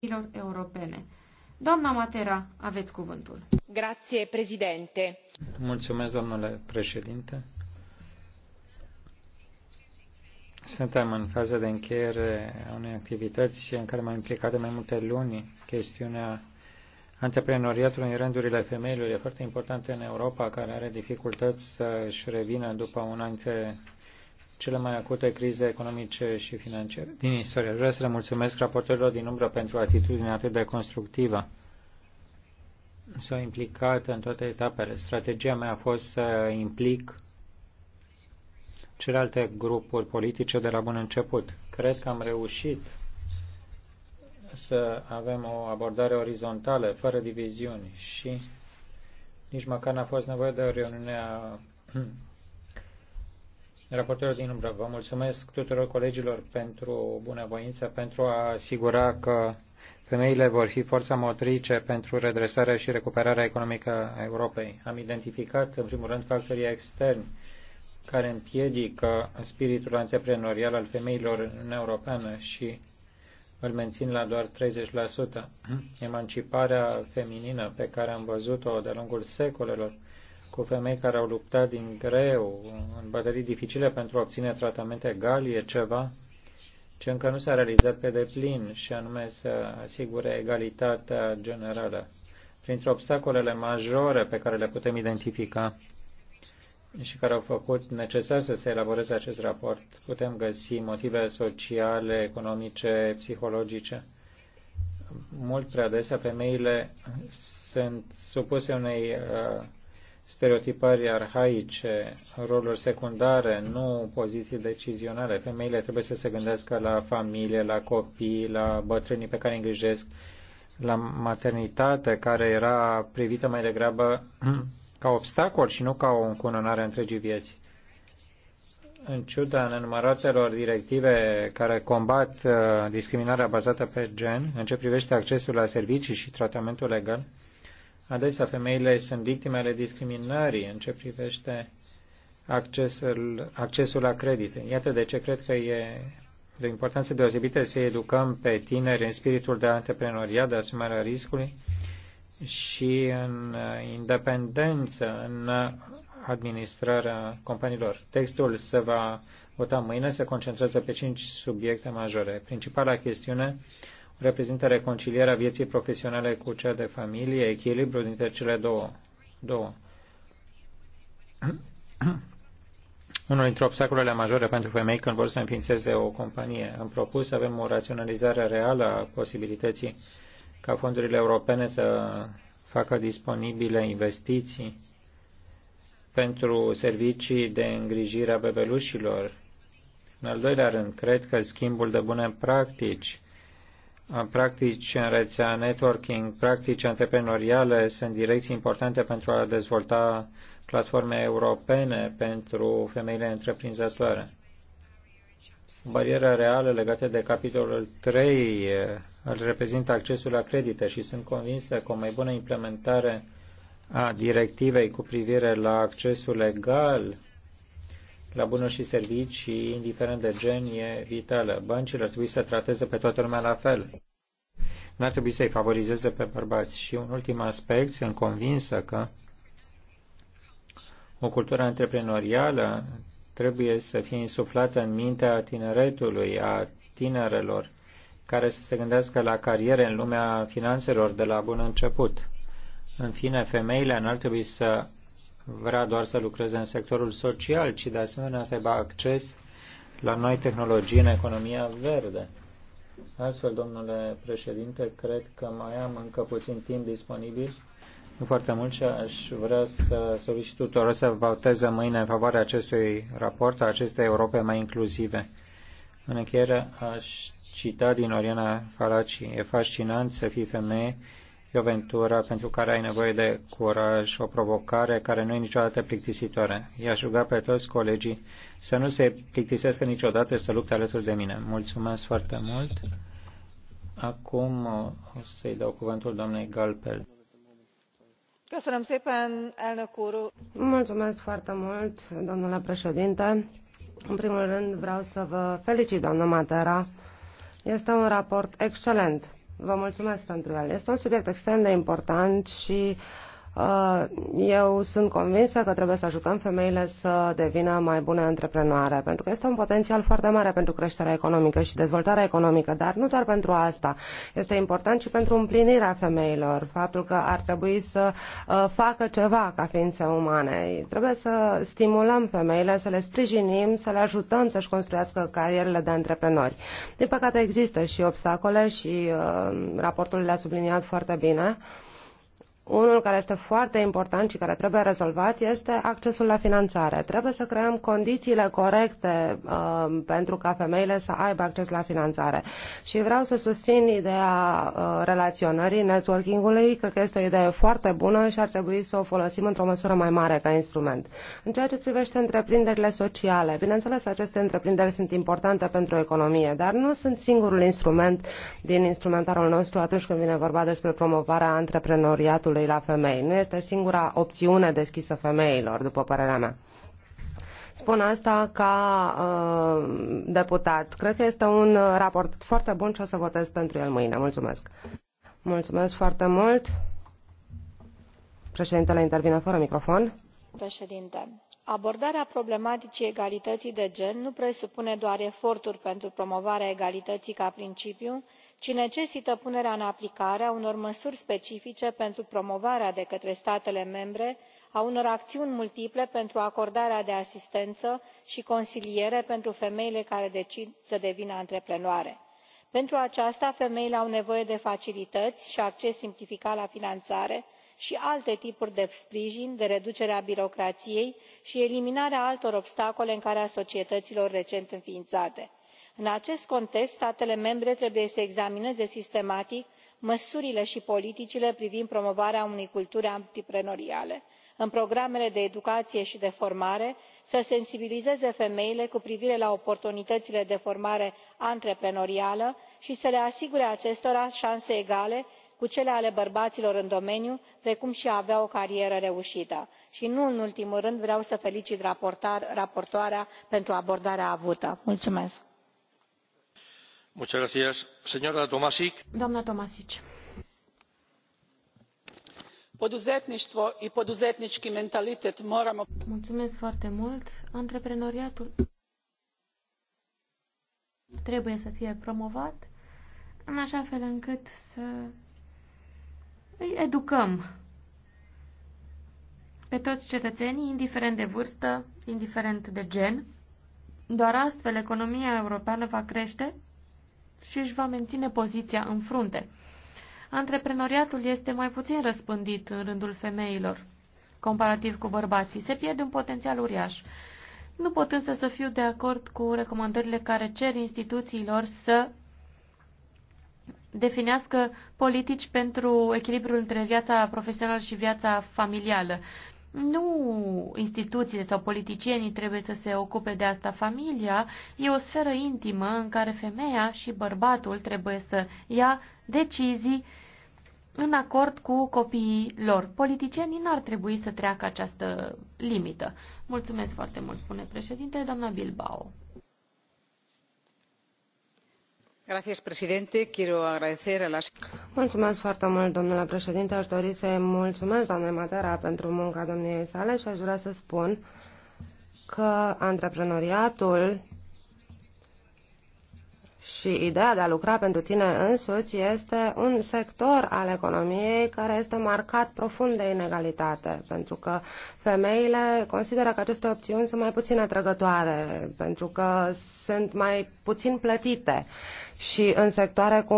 companiilor europene. Doamna Matera, aveți cuvântul. Grație, președinte. Mulțumesc, domnule președinte. Suntem în faza de încheiere a unei activități în care m-am implicat de mai multe luni. Chestiunea antreprenoriatului în rândurile femeilor e foarte importantă în Europa, care are dificultăți să-și revină după un an de cele mai acute crize economice și financiare din istorie. Vreau să le mulțumesc raportorilor din umbră pentru atitudinea atât de constructivă. S-au implicat în toate etapele. Strategia mea a fost să implic celelalte grupuri politice de la bun început. Cred că am reușit să avem o abordare orizontală, fără diviziuni și nici măcar n-a fost nevoie de o reuniune a Raportorul din umbră, vă mulțumesc tuturor colegilor pentru bunăvoință, pentru a asigura că femeile vor fi forța motrice pentru redresarea și recuperarea economică a Europei. Am identificat, în primul rând, factorii externi care împiedică spiritul antreprenorial al femeilor în europeană și îl mențin la doar 30%. Emanciparea feminină pe care am văzut-o de-a lungul secolelor cu femei care au luptat din greu în bătălii dificile pentru a obține tratamente egal e ceva ce încă nu s-a realizat pe deplin și anume să asigure egalitatea generală. Printre obstacolele majore pe care le putem identifica și care au făcut necesar să se elaboreze acest raport, putem găsi motive sociale, economice, psihologice. Mult prea adesea femeile sunt supuse unei uh, stereotipări arhaice, roluri secundare, nu poziții decizionale. Femeile trebuie să se gândească la familie, la copii, la bătrânii pe care îi îngrijesc, la maternitate, care era privită mai degrabă ca obstacol și nu ca o încununare a întregii vieți. În ciuda nenumăratelor directive care combat uh, discriminarea bazată pe gen, în ce privește accesul la servicii și tratamentul legal, Adesea femeile sunt victime ale discriminării în ce privește accesul, accesul la credite. Iată de ce cred că e de importanță deosebită să educăm pe tineri în spiritul de antreprenoriat, de asumarea riscului și în independență, în administrarea companiilor. Textul se va vota mâine, se concentrează pe cinci subiecte majore. Principala chestiune reprezintă reconcilierea vieții profesionale cu cea de familie, echilibru dintre cele două. două. Unul dintre obstacolele majore pentru femei când vor să înființeze o companie. Am propus să avem o raționalizare reală a posibilității ca fondurile europene să facă disponibile investiții pentru servicii de îngrijire a bebelușilor. În al doilea rând, cred că schimbul de bune practici practici în rețea, networking, practici antreprenoriale sunt direcții importante pentru a dezvolta platforme europene pentru femeile întreprinzătoare. Bariera reală legată de capitolul 3 îl reprezintă accesul la credite și sunt convinsă că o mai bună implementare a directivei cu privire la accesul legal la bunuri și servicii, indiferent de gen, e vitală. Băncile ar trebui să trateze pe toată lumea la fel. Nu ar trebui să-i favorizeze pe bărbați. Și un ultim aspect, sunt convinsă că o cultură antreprenorială trebuie să fie insuflată în mintea tineretului, a tinerelor, care să se gândească la cariere în lumea finanțelor de la bun început. În fine, femeile n-ar trebui să vrea doar să lucreze în sectorul social, ci de asemenea să aibă acces la noi tehnologii în economia verde. Astfel, domnule președinte, cred că mai am încă puțin timp disponibil, nu foarte mult, și aș vrea să solicit tuturor să voteze mâine în favoarea acestui raport, a acestei Europe mai inclusive. În încheiere, aș cita din Oriana Falaci, e fascinant să fii femeie E o ventură pentru care ai nevoie de curaj, o provocare care nu e niciodată plictisitoare. I-aș ruga pe toți colegii să nu se plictisească niciodată să lupte alături de mine. Mulțumesc foarte mult. Acum o să-i dau cuvântul doamnei Galpel. Mulțumesc foarte mult, domnule președinte. În primul rând vreau să vă felicit, doamnă Matera. Este un raport excelent Vă mulțumesc pentru el. Este un subiect extrem de important și uh, Uh, eu sunt convinsă că trebuie să ajutăm femeile să devină mai bune antreprenoare, pentru că este un potențial foarte mare pentru creșterea economică și dezvoltarea economică, dar nu doar pentru asta. Este important și pentru împlinirea femeilor, faptul că ar trebui să uh, facă ceva ca ființe umane. Trebuie să stimulăm femeile, să le sprijinim, să le ajutăm să-și construiască carierele de antreprenori. Din păcate există și obstacole și uh, raportul le-a subliniat foarte bine. Uh, unul care este foarte important și care trebuie rezolvat este accesul la finanțare. Trebuie să creăm condițiile corecte uh, pentru ca femeile să aibă acces la finanțare. Și vreau să susțin ideea uh, relaționării, networking-ului. Cred că este o idee foarte bună și ar trebui să o folosim într-o măsură mai mare ca instrument. În ceea ce privește întreprinderile sociale, bineînțeles, aceste întreprinderi sunt importante pentru economie, dar nu sunt singurul instrument din instrumentarul nostru atunci când vine vorba despre promovarea antreprenoriatului genului la femei. Nu este singura opțiune deschisă femeilor, după părerea mea. Spun asta ca uh, deputat. Cred că este un raport foarte bun și o să votez pentru el mâine. Mulțumesc. Mulțumesc foarte mult. Președintele intervine fără microfon domnule președinte abordarea problematicii egalității de gen nu presupune doar eforturi pentru promovarea egalității ca principiu ci necesită punerea în aplicare a unor măsuri specifice pentru promovarea de către statele membre a unor acțiuni multiple pentru acordarea de asistență și consiliere pentru femeile care decid să devină antreprenoare. pentru aceasta femeile au nevoie de facilități și acces simplificat la finanțare și alte tipuri de sprijin de reducere a birocrației și eliminarea altor obstacole în calea societăților recent înființate. în acest context statele membre trebuie să examineze sistematic măsurile și politicile privind promovarea unei culturi antreprenoriale în programele de educație și de formare să sensibilizeze femeile cu privire la oportunitățile de formare antreprenorială și să le asigure acestora șanse egale cu cele ale bărbaților în domeniu precum și a avea o carieră reușită și nu în ultimul rând vreau să felicit raportoarea pentru abordarea avută. mulțumesc. doamnă tomaić poduzetništvo i poduzetnički mentalitet moramo. mulțumesc foarte mult antreprenoriatul trebuie să fie promovat în așa fel încât să îi educăm pe toți cetățenii, indiferent de vârstă, indiferent de gen. Doar astfel economia europeană va crește și își va menține poziția în frunte. Antreprenoriatul este mai puțin răspândit în rândul femeilor, comparativ cu bărbații. Se pierde un potențial uriaș. Nu pot însă să fiu de acord cu recomandările care cer instituțiilor să definească politici pentru echilibrul între viața profesională și viața familială. Nu instituțiile sau politicienii trebuie să se ocupe de asta. Familia e o sferă intimă în care femeia și bărbatul trebuie să ia decizii în acord cu copiii lor. Politicienii n-ar trebui să treacă această limită. Mulțumesc foarte mult, spune președinte, doamna Bilbao. Mulțumesc foarte mult, domnule președinte. Aș dori să-i mulțumesc, doamnei Matera, pentru munca domniei sale și aș vrea să spun că antreprenoriatul și ideea de a lucra pentru tine însuți este un sector al economiei care este marcat profund de inegalitate, pentru că femeile consideră că aceste opțiuni sunt mai puțin atrăgătoare, pentru că sunt mai puțin plătite și în sectoare cu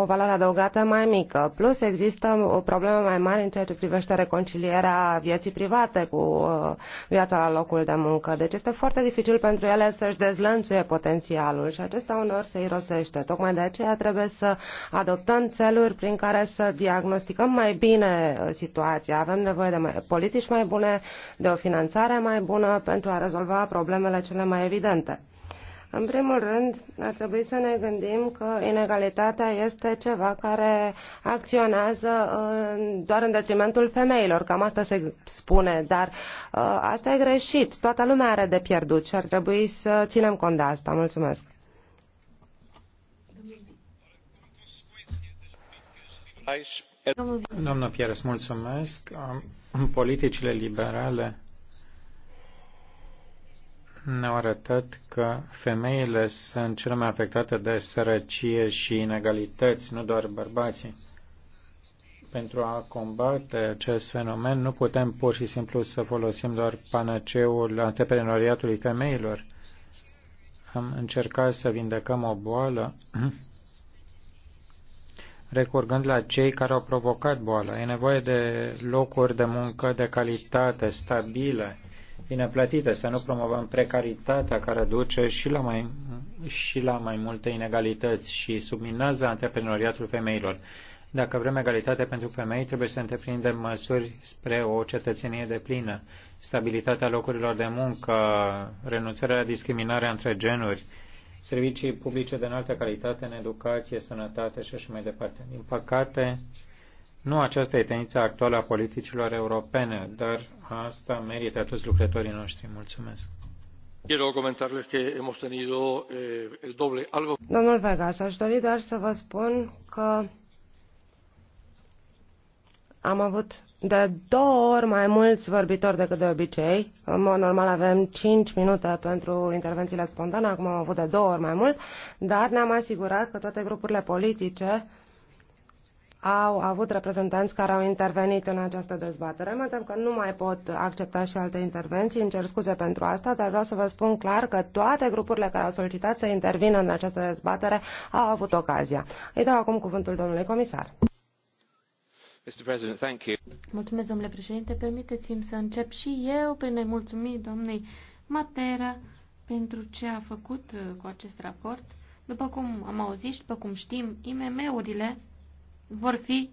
o valoare adăugată mai mică. Plus există o problemă mai mare în ceea ce privește reconcilierea vieții private cu uh, viața la locul de muncă. Deci este foarte dificil pentru ele să-și dezlănțuie potențialul și acesta uneori se irosește. Tocmai de aceea trebuie să adoptăm țeluri prin care să diagnosticăm mai bine uh, situația. Avem nevoie de mai, politici mai bune, de o finanțare mai bună pentru a rezolva problemele cele mai evidente. În primul rând, ar trebui să ne gândim că inegalitatea este ceva care acționează doar în detrimentul femeilor. Cam asta se spune, dar uh, asta e greșit. Toată lumea are de pierdut și ar trebui să ținem cont de asta. Mulțumesc. Domnul Pieres, mulțumesc. Politicile liberale ne-au arătat că femeile sunt cele mai afectate de sărăcie și inegalități, nu doar bărbații. Pentru a combate acest fenomen, nu putem pur și simplu să folosim doar panaceul antreprenoriatului femeilor. Am încercat să vindecăm o boală recurgând la cei care au provocat boala. E nevoie de locuri de muncă de calitate, stabile, bine plătite, să nu promovăm precaritatea care duce și la mai, și la mai multe inegalități și subminează antreprenoriatul femeilor. Dacă vrem egalitate pentru femei, trebuie să întreprindem măsuri spre o cetățenie de plină, stabilitatea locurilor de muncă, renunțarea la discriminarea între genuri, servicii publice de înaltă calitate în educație, sănătate și așa mai departe. Din păcate, nu aceasta e tendința actuală a politicilor europene, dar asta merită toți lucrătorii noștri. Mulțumesc. Eh, Domnul Vegas, aș dori doar să vă spun că am avut de două ori mai mulți vorbitori decât de obicei. În mod normal avem 5 minute pentru intervențiile spontane, acum am avut de două ori mai mult, dar ne-am asigurat că toate grupurile politice au avut reprezentanți care au intervenit în această dezbatere. Mă tem că nu mai pot accepta și alte intervenții, îmi cer scuze pentru asta, dar vreau să vă spun clar că toate grupurile care au solicitat să intervină în această dezbatere au avut ocazia. Îi dau acum cuvântul domnului comisar. Mulțumesc, domnule președinte. Permiteți-mi să încep și eu prin a-i mulțumi domnului Matera pentru ce a făcut uh, cu acest raport. După cum am auzit și după cum știm, IMM-urile vor fi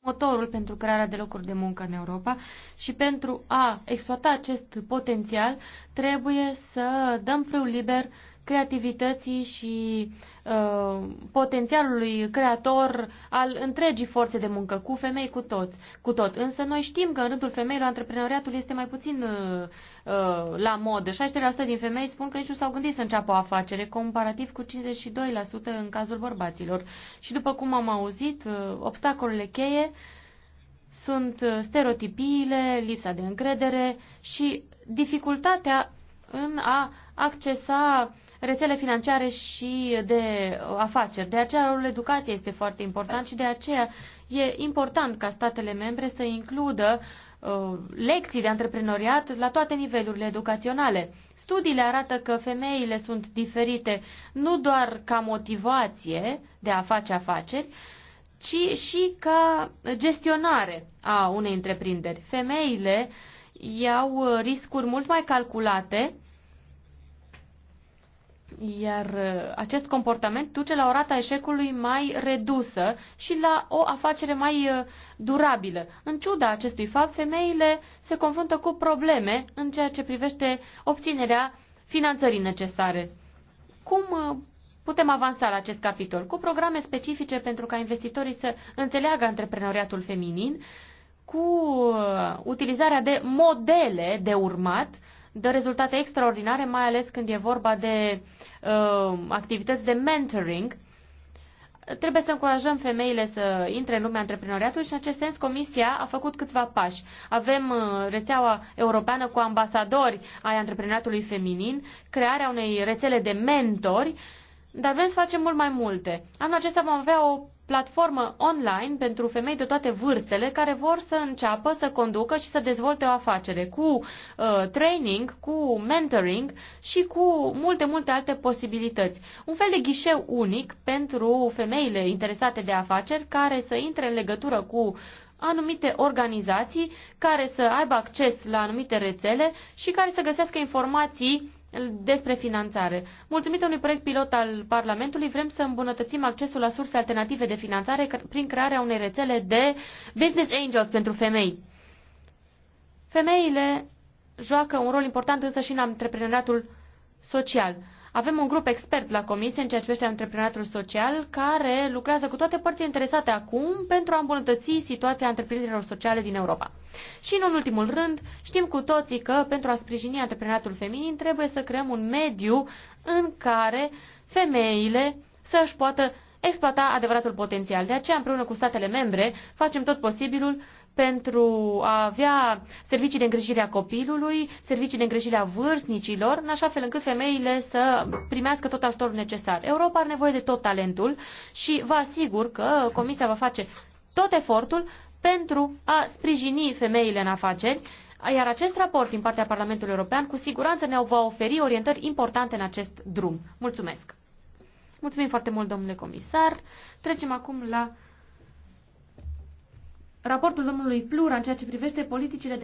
motorul pentru crearea de locuri de muncă în Europa și pentru a exploata acest potențial trebuie să dăm frâu liber creativității și uh, potențialului creator al întregii forțe de muncă, cu femei, cu toți, cu tot. Însă noi știm că în rândul femeilor antreprenoriatul este mai puțin uh, uh la modă. 60% din femei spun că nici nu s-au gândit să înceapă o afacere, comparativ cu 52% în cazul bărbaților. Și după cum am auzit, uh, obstacolele cheie sunt uh, stereotipiile, lipsa de încredere și dificultatea în a accesa rețele financiare și de afaceri. De aceea rolul educației este foarte important și de aceea e important ca statele membre să includă uh, lecții de antreprenoriat la toate nivelurile educaționale. Studiile arată că femeile sunt diferite nu doar ca motivație de a face afaceri, ci și ca gestionare a unei întreprinderi. Femeile iau riscuri mult mai calculate iar uh, acest comportament duce la o rată a eșecului mai redusă și la o afacere mai uh, durabilă. În ciuda acestui fapt, femeile se confruntă cu probleme în ceea ce privește obținerea finanțării necesare. Cum uh, putem avansa la acest capitol? Cu programe specifice pentru ca investitorii să înțeleagă antreprenoriatul feminin, cu utilizarea de modele de urmat, dă rezultate extraordinare, mai ales când e vorba de uh, activități de mentoring. Trebuie să încurajăm femeile să intre în lumea antreprenoriatului și în acest sens Comisia a făcut câțiva pași. Avem uh, rețeaua europeană cu ambasadori ai antreprenoriatului feminin, crearea unei rețele de mentori uh, dar vrem să facem mult mai multe. Anul acesta vom avea o platformă online pentru femei de toate vârstele care vor să înceapă să conducă și să dezvolte o afacere cu uh, training, cu mentoring și cu multe, multe alte posibilități. Un fel de ghișeu unic pentru femeile interesate de afaceri care să intre în legătură cu anumite organizații care să aibă acces la anumite rețele și care să găsească informații despre finanțare. Mulțumită unui proiect pilot al Parlamentului, vrem să îmbunătățim accesul la surse alternative de finanțare prin crearea unei rețele de business angels pentru femei. Femeile joacă un rol important însă și în antreprenoriatul social. Avem un grup expert la comisie în ceea ce privește antreprenatul social care lucrează cu toate părțile interesate acum pentru a îmbunătăți situația întreprinderilor sociale din Europa. Și în ultimul rând, știm cu toții că pentru a sprijini antreprenatul feminin trebuie să creăm un mediu în care femeile să-și poată exploata adevăratul potențial. De aceea, împreună cu statele membre, facem tot posibilul pentru a avea servicii de îngrijire a copilului, servicii de îngrijire a vârstnicilor, în așa fel încât femeile să primească tot ajutorul necesar. Europa are nevoie de tot talentul și vă asigur că Comisia va face tot efortul pentru a sprijini femeile în afaceri, iar acest raport din partea Parlamentului European cu siguranță ne va oferi orientări importante în acest drum. Mulțumesc! Mulțumim foarte mult, domnule comisar. Trecem acum la raportul domnului Plura în ceea ce privește politicile de